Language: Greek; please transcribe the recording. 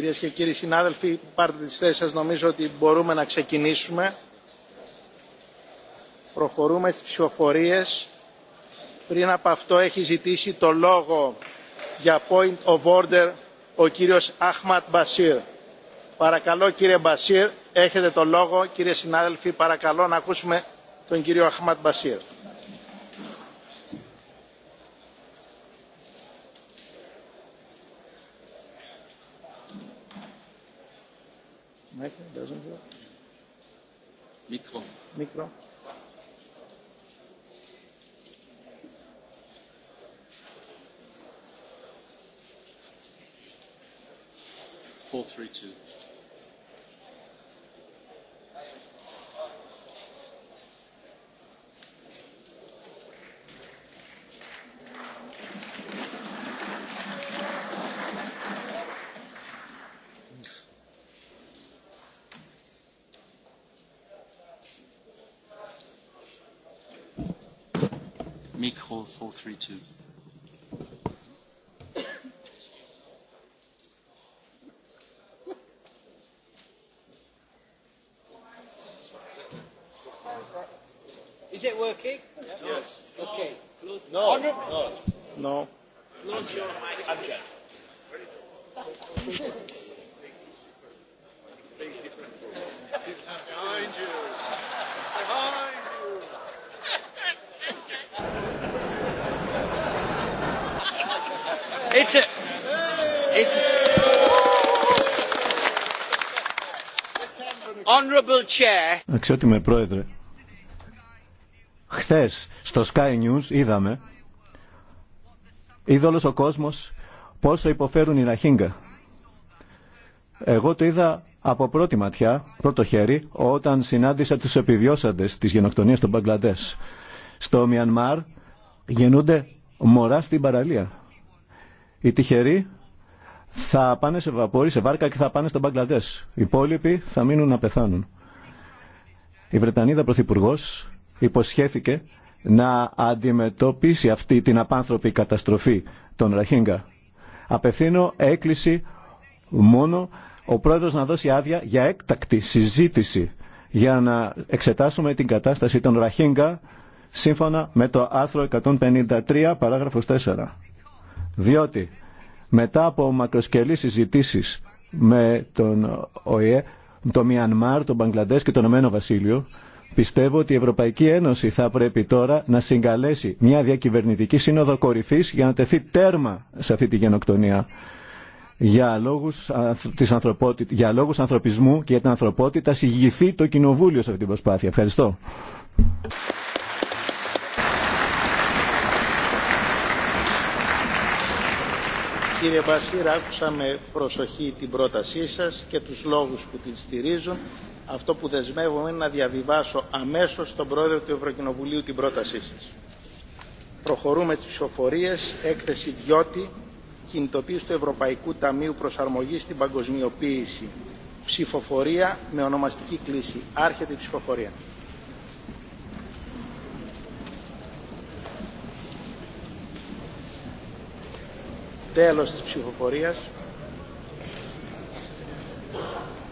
Κυρίες και κύριοι συνάδελφοι, πάρτε τις θέσεις σας. Νομίζω ότι μπορούμε να ξεκινήσουμε. Προχωρούμε στις ψηφοφορίες. Πριν από αυτό έχει ζητήσει το λόγο για point of order ο κύριος Αχματ Μπασίρ. Παρακαλώ κύριε Μπασίρ, έχετε το λόγο. Κύριε συνάδελφοι, παρακαλώ να ακούσουμε τον κύριο Αχματ Μπασίρ. doesn't work. Mikro. Mikro. Four, three, two. Micro 432. Is it working? Yes. Okay. No. No. No. it's a, chair. Αξιότιμε πρόεδρε. Χθες στο Sky News είδαμε είδε ο κόσμος πόσο υποφέρουν οι Ραχίγκα. Εγώ το είδα από πρώτη ματιά, πρώτο χέρι, όταν συνάντησα τους επιβιώσαντες της γενοκτονίας των Μπαγκλαντές. Στο Μιανμάρ γεννούνται μωρά στην παραλία. Οι τυχεροί θα πάνε σε βαπόρι, σε βάρκα και θα πάνε στον Μπαγκλαντές. Οι υπόλοιποι θα μείνουν να πεθάνουν. Η Βρετανίδα Πρωθυπουργό υποσχέθηκε να αντιμετωπίσει αυτή την απάνθρωπη καταστροφή των Ραχίνγκα. Απευθύνω έκκληση μόνο ο πρόεδρος να δώσει άδεια για έκτακτη συζήτηση για να εξετάσουμε την κατάσταση των Ραχίνγκα σύμφωνα με το άρθρο 153 παράγραφος 4 διότι μετά από μακροσκελή συζητήσει με τον ΟΗΕ, το Μιανμάρ, τον Μπαγκλαντές και τον Ομένο Βασίλειο, πιστεύω ότι η Ευρωπαϊκή Ένωση θα πρέπει τώρα να συγκαλέσει μια διακυβερνητική σύνοδο κορυφή για να τεθεί τέρμα σε αυτή τη γενοκτονία. Για λόγους, της για λόγους ανθρωπισμού και για την ανθρωπότητα συγγυηθεί το Κοινοβούλιο σε αυτή την προσπάθεια. Ευχαριστώ. Κύριε Μπασίρα, άκουσα με προσοχή την πρότασή σας και τους λόγους που την στηρίζουν. Αυτό που δεσμεύομαι είναι να διαβιβάσω αμέσως στον Πρόεδρο του Ευρωκοινοβουλίου την πρότασή σας. Προχωρούμε τι ψηφοφορίες. Έκθεση Διώτη, κινητοποίηση του Ευρωπαϊκού Ταμείου Προσαρμογής στην Παγκοσμιοποίηση. Ψηφοφορία με ονομαστική κλίση. Άρχεται η ψηφοφορία. Τέλος της ψηφοφορίας.